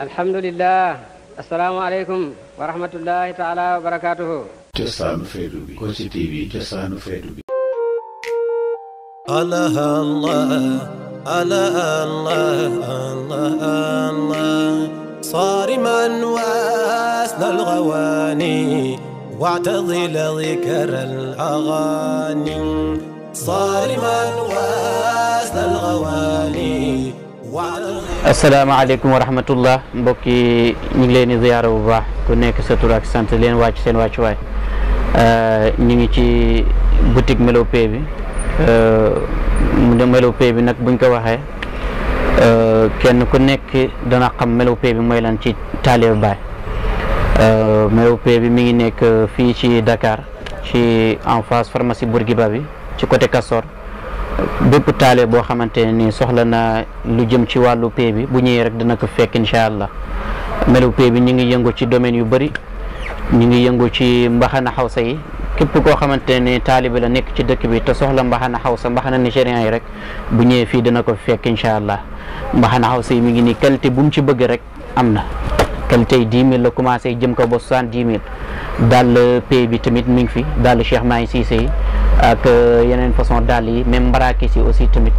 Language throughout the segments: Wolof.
الحمد لله السلام عليكم ورحمة الله تعالى وبركاته جسان فيدوبي كوسي تي في جسان فيدوبي الله الله الله الله الله صارما واسنى الغواني واعتضل ذكر الأغاني صارما واسنى الغواني asalaamaaleykum wa rahmatullah mbokk yi ñu ngi leen di ziyaara bu baax ku nekk sa tur ak sant leen wàcc seen wàccuwaay euh, ñu ngi ci boutique Melo Pay bi euh, Melo Pay bi nag buñ ko waxee euh, kenn ku nekk dana xam Melo Pay bi mooy lan ci taalibe Baay Melo Pay bi mi ngi nekk fii ci Dakar ci en face pharmacie Bourguiba bi ci côté Castor bépp taale boo xamante ne nii soxla na lu jëm ci wàllu pay bi bu ñëwee rek dana ko fekk incha allah melu pay bi ñu ngi yëngu ci domaine yu bëri ñu ngi yëngu ci mbaxana xawsa yi képp koo xamante ne taalibe la nekk ci dëkk bi te soxla mbaxana xawsa mbaxana nigérien yi rek bu ñëwee fii dana ko fekk incha allah mbaxana xawsa yi mi ngi nii qualité bu mu ci bëgg rek am na qualité yi dix mille la commencé jëm ko ba soixante dix daal pay bi tamit mu ngi fi daal Cheikh Mahi Cissé yi ak euh, yeneen façon dàll yi même mbarakis yi aussi tamit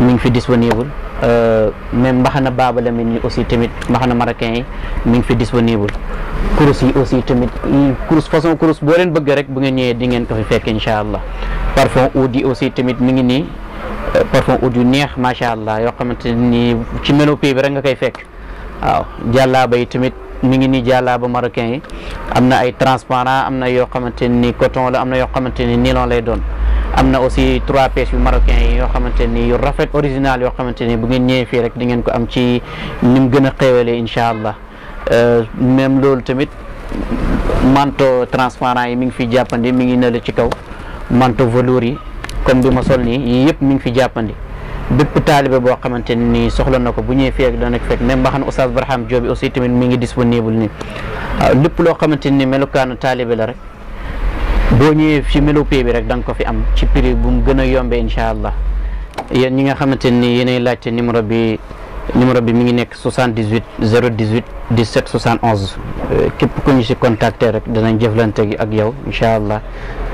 ñu ngi fi disponible euh, même mbaxana baaba lamin yi aussi tamit mbaxana marocain yi mi ngi fi disponible kurus yi aussi tamit kurus façon kurus boo leen bëgg rek bu ngeen ñëwee di ngeen ko fi fekk incha allah parfum oud yi aussi tamit mi ngi nii euh, parfum oud yu neex macha allah yoo xamante ni ci melo pay bi rek nga koy fekk waaw jàllaaba yi tamit mi ngi nii jàllaaba marocain yi am na ay transparent am na yoo xamante ni coton la am na yoo xamante ni nylon lay doon am na aussi trois pièces yu marocain yi yoo xamante ni yu rafet original yoo xamante ni bu ngeen ñëwee fii rek di ngeen ko am ci ni mu gën a xéwalee incha allah euh, même loolu tamit manteau transparent yi mi ngi fi jàppandi mi ngi nële ci kaw manteau velours yi comme bi ma sol nii yii yëpp mi ngi fi jàppandi bépp taalibe boo xamante ni soxla na ko bu ñëwee fii ak dana fekk même ba xam ne Oustaz Barham Diop aussi tamit mi ngi disponible nii waaw ah, lépp loo xamante ni melukaanu taalibe la rek boo ñëwee fi melopee bi rek da nga ko fi am ci prix bu mu gën a yombee incha allah yéen ñi nga xamante ni yéenay laajte numéro bi numéro bi mi ngi nekk 78 018 17 71 képp ku ñu si contacter rek danañ jëflante gi ak yow incha allah.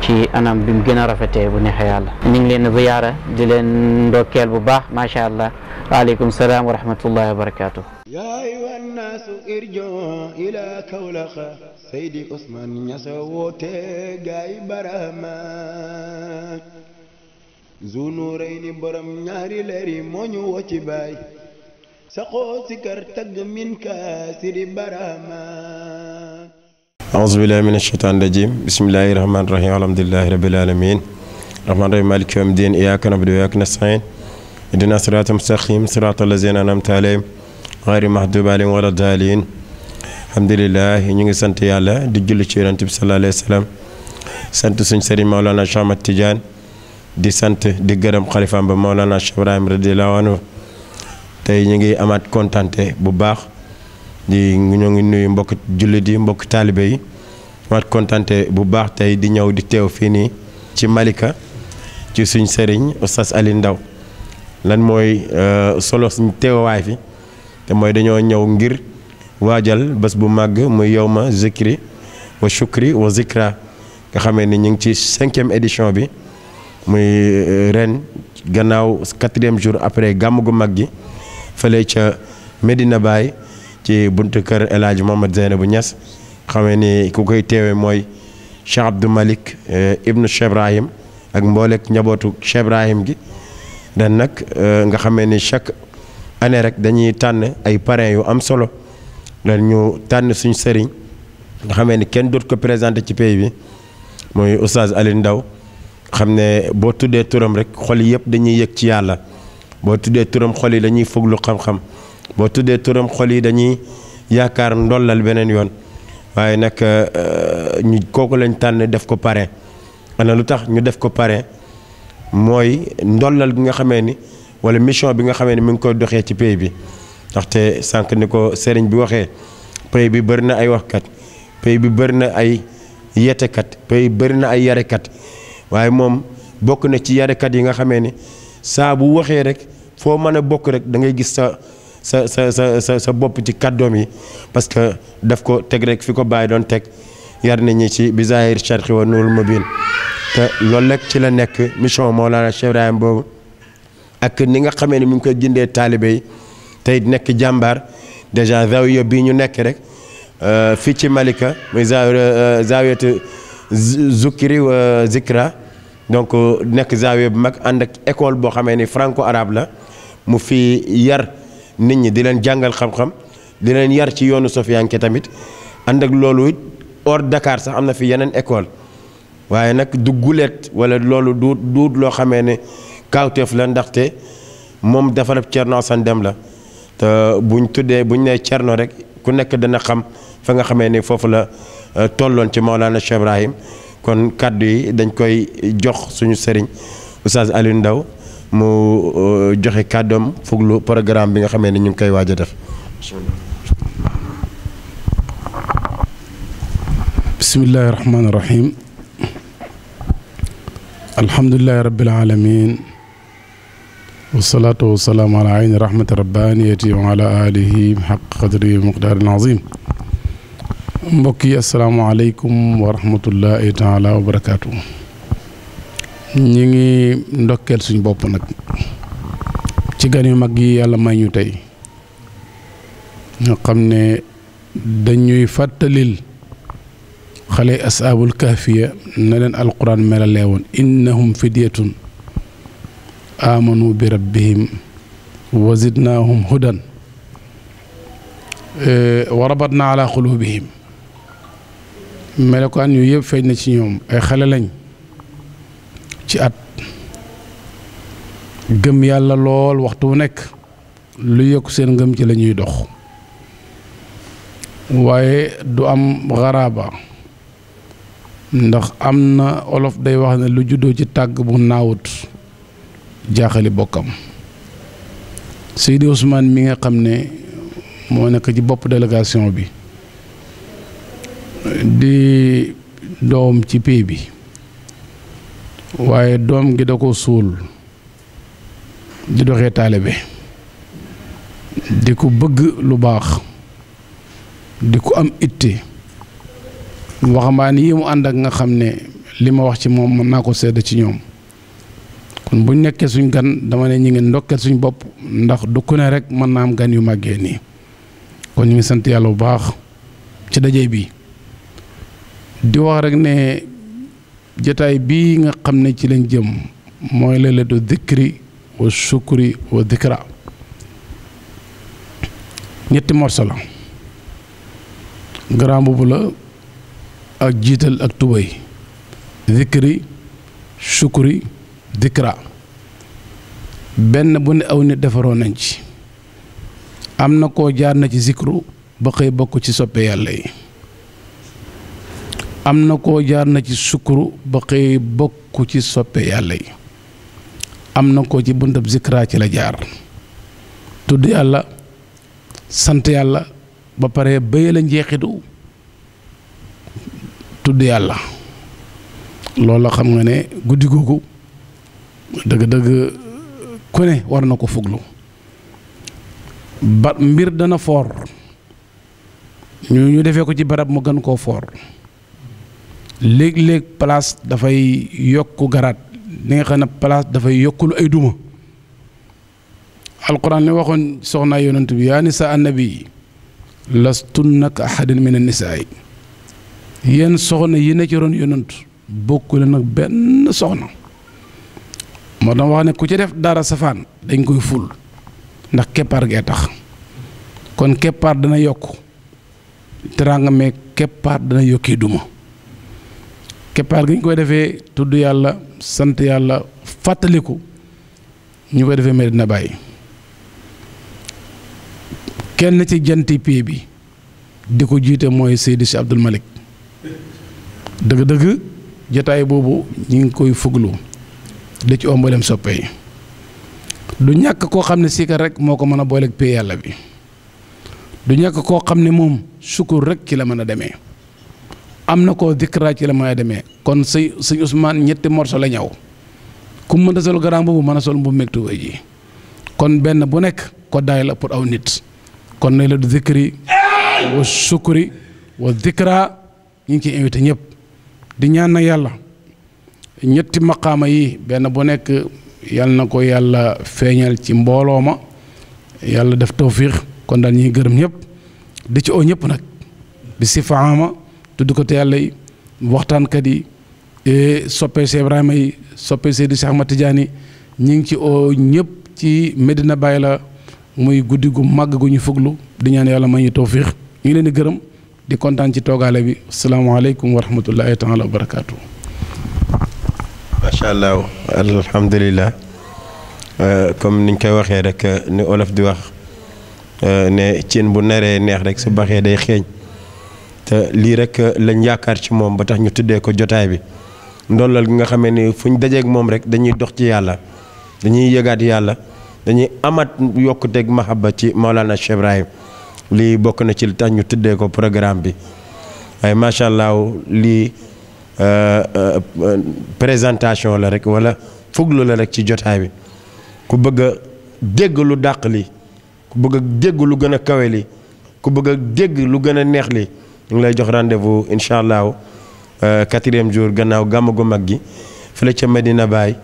ci anaa bi mu gën a rafetee bu neexee yàlla ñu ngi leen ziyaara di leen ndokkeel bu baax macha allah waaleykum salaam wa rahmatullahi wa barakaatu. yaa ayyuha nnaasu irji'u ilaa Kawlaxa Seydi Ousmane Niass woote gaay barama Zunurayni borom ñaari leeri moo ñu woo ci baay saxoo min kaasiri barama أعوذ بالله من الشيطان الرجيم بسم الله الرحمن الرحيم الحمد لله رب العالمين الرحمن الرحيم مالك يوم الدين إياك نعبد وإياك نستعين اهدنا الصراط المستقيم صراط الذين أنعمت عليهم غير المغضوب عليهم ولا الضالين الحمد لله نيغي سانت يالا دي جولي سي يونت صلى الله عليه وسلم سانت سن سيري مولانا شام التجان دي سانت دي گرم خليفه مولانا شبراهيم رضي الله عنه تاي نيغي امات كونتانتي بو باخ di ñoo ngi nuyu mbokk jullit yi mbokk taalibe yi waat kontante bu baax tey di ñëw di teew fii nii ci Malika ci suñ sëriñ Oustaz Alioune Ndao lan mooy euh, solo suñ teewaay fi te mooy dañoo ñëw ngir waajal bés bu màgg muy yawma zikri wa shukri wa zikra nga xamee ni ñu ngi ci cinquième édition bi muy euh, ren gannaaw quatrième jour après gàmm gu mag gi fële ca Medina Baye ci buntu kër El Hadj bu Zeynabou Niass xamee ni ku koy teewee mooy Cheikh Abdou Malick eh, Ibnu Cheikh Ibrahim ak mbooleek njabootu Cheikh Ibrahim gi dan nag eh, nga xamee ni chaque année rek dañuy tànn ay parrains yu am solo dan ñu tànn suñu sëriñ nga xamee ni kenn doot ko présenté ci pays bi mooy Oustaz Aliou Ndao xam ne boo tuddee turam rek xol yëpp dañuy yëg ci yàlla boo tuddee turam xol dañuy foglu xam-xam boo tuddee turam xol yi dañuy yaakaar ndollal beneen yoon waaye nag euh, ñu kooku lañ tànn def ko pare ana lu tax ñu def ko pare mooy ndollal bi nga xamee ni wala mission bi nga xamee ni mu ngi koy doxee ci pays bi ndaxte sànq ni ko sëriñ bi waxee pays bi bëri na ay waxkat pays bi bëri na ay yetekat pays bëri na ay yarekat waaye moom bokk na ci yarekat yi nga xamee ni saa bu waxee rek foo mën a bokk rek da ngay gis sa sa sa sa sa sa bopp ci kàddoom yi parce que daf ko teg rek fi ko bàyyi doon teg yar nañu ci bi zahir charqi wa nuurul mubin te loolu rek ci la nekk mission Mawlana Cheikh Ibrahim boobu ak ni nga xamee ni mu ngi koy gindee taalibe yi tey nekk jàmbaar dèjà zawiya bii ñu nekk rek euh, fii ci Malika muy euh, zawiyatu zukri wa zikra donc euh, nekk zawiya bu mag ànd ak école boo xamee ni franco arabe la mu fi yar nit ñi di leen jàngal xam-xam di leen yar ci yoonu sofiyanke tamit ànd ak loolu it hors Dakar sax am na fi yeneen école waaye nag du guleet wala loolu du duut loo xamee ne kawteef la ndaxte moom defarab Cerno Asan Dem la te buñ tuddee buñ nee Cerno rek ku nekk dana xam fa nga xamee ni foofu la euh, tolloon ci Maolana Cheikh kon kàddu yi dañ koy jox suñu sëriñ Oustaz Alioune Ndao mu joxe kàddoom fuglu programme bi nga xamee ne ñu ngi koy waaj a def. bismillahi rahmaani rahim. alhamdulilahi rabbil alamin wasalaatu wasalaamu ala ayni rahmati rabbaniyati wa ala alihi xaq qadri muqdaarin azim mbokk yi asalaamaaleykum wa rahmatullahi taala wa barakaatu. ñu ngi ndokkeel suñu bopp nag ci gan yu mag yi yàlla may ñu tey ñu xam ne dañuy fàttalil xale asaabul kahfiya na leen alquran melalee woon innahum fidyatun amanu bi rabbihim wa zidnaahum hudan e, wa rabatna ala yu yëpp feeñ na ci ñoom ay xale lañ ci at gëm yàlla lool waxtu wu nekk lu yokk seen ngëm ci lañuy dox waaye du am xaraaba ndax am na olof day wax ne lu juddoo ci tàgg bu naawut jaaxali bokkam Seydi Ousmane mi nga xam ne moo nekk ci bopp délégation bi di doom ci pays bi waaye doom gi da ko suul di doxee taalibe di ko bëgg lu baax di ko am itte waxambaane yi mu ànd ak nga xam ne li ma wax ci moom mën naa ko sedd ci ñoom kon buñ nekkee suñ gan dama ne ñu ngi ndokkeel suñ bopp ndax du ku ne rek mën naa am gan yu màggee nii kon ñu ngi sant yàlla bu baax ci daje bi di wax rek ne jataay bii nga xam ne ci lañ jëm mooy laylatu dikri wa sukri wa dikra ñetti morso la grand boobu la ak jiital ak tubéy dikri sukri dikra benn bu ne aw nit defaroon nañ ci am na ko jaar na ci zikru ba xëy bokk ci soppe yàlla yi am na ko jaar na ci sukkuru ba xëy bokk ci soppe yàlla yi am na ko ci buntab zikra ci la jaar tudd yàlla sant yàlla ba pare béye la njeexitu tudd yàlla loolu xam nga ne guddi googu dëgg-dëgg ku war na ko fuglu ba mbir dana foor ñu ñu defee ko ci barab mu gën koo foor léeg-léeg place dafay yokk garaat li nga xam ne place dafay yokkulu ay duma alquran li waxoon soxnaa yonent bi yaa nisa annabi lastunna ka ahadin min annisaay yéen soxna yi ne ci roon yonent nag benn soxna moo tax wax ne ku ci def dara safaan dañ koy ful ndax keppaar gee tax kon keppaar dana yokk teraanga mee keppaar dana yokki duma keppaar gi ñu koy defee tudd yàlla sant yàlla fàttaliku ñu koy defee Medina Baye kenn ci janti pii bi di ko jiite mooy Seydi Si Abdul Malik dëgg-dëgg jataay boobu ñu ngi koy fuglu di ci ombalem soppe yi du ñàkk koo xam ne siikar rek moo ko mën a booleeg pii yàlla bi du ñàkk koo xam ne moom sukkur rek ci la mën a demee am na koo dikra ci la may demee kon sëñ sëñ Ousmane ñetti morso la ñaw ku mën a sol garaam boobu mën a sol mbubu meeg tubaab ji kon benn bu nekk ko la pour aw nit kon nay la du zikri wa sukuri wa zikra ñu ngi ciy invité ñëpp di ñaan na yàlla ñetti maqaama yi benn bu nekk yàlla na ko yàlla feeñal ci mbooloo ma yàlla def tawfiix kon daal gërëm ñëpp di ci oo ñëpp nag bi sifaama tuddkatu yàlla yi waxtaankat yi e soppe Cheikh Ibrahima yi soppe Seydi Cheikh Ahmad Tidiane ñi ngi ci oo ñëpp ci na Baye la muy guddi gu màgg gu ñu fuglu di ñaan yàlla may ñu tawfiix ñu ngi leen gërëm di kontaan ci toogaale bi asalaamaaleykum wa rahmatullahi taala wa barakaatu. macha allah alhamdulilah euh, comme niñ koy waxee rek euh, ni olof di wax euh, ne cin bu naree neex rek su baxee day xeeñ. lii rek lañ yaakaar ci moom ba tax ñu tuddee ko jotaay bi ndollal gi nga xamee ni fu ñu dajeeg moom rek dañuy dox ci yàlla dañuy yëgaat yàlla dañuy amaat yokkuteeg mahaba ci Maolana Cheikh Ibrahim lii bokk na ci li tax ñu tëddee ko programme bi waaye macha allah lii euh, euh, présentation la rek walla fuglu la rek ci jotaay bi ku bëgg a dégg lu dàq li ku bëgg a dégg lu gën a kawe li ku bëgg a dégg lu gën a neex li ñu lay jox rendez-vous incha allah euh, quatrième jour gannaaw gàmmu mag gi fële ca Medina Baye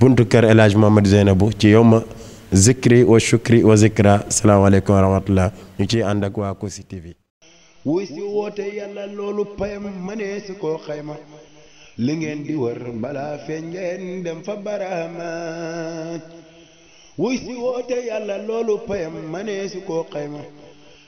buntu kër El ci yow ma ñu ciy ànd ak waa loolu payam mënee si koo li ngeen di wër balaa feeñ ngeen dem fa baraamaaj wuy si woote yàlla loolu payam mënee si koo xayma.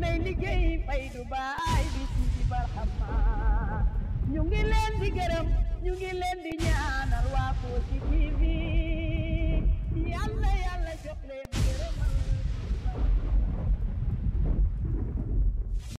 nay liggéey fay du baay bis ci barxama ñu ngi leen gërëm ñu ngi leen di ñaanal waa Kossy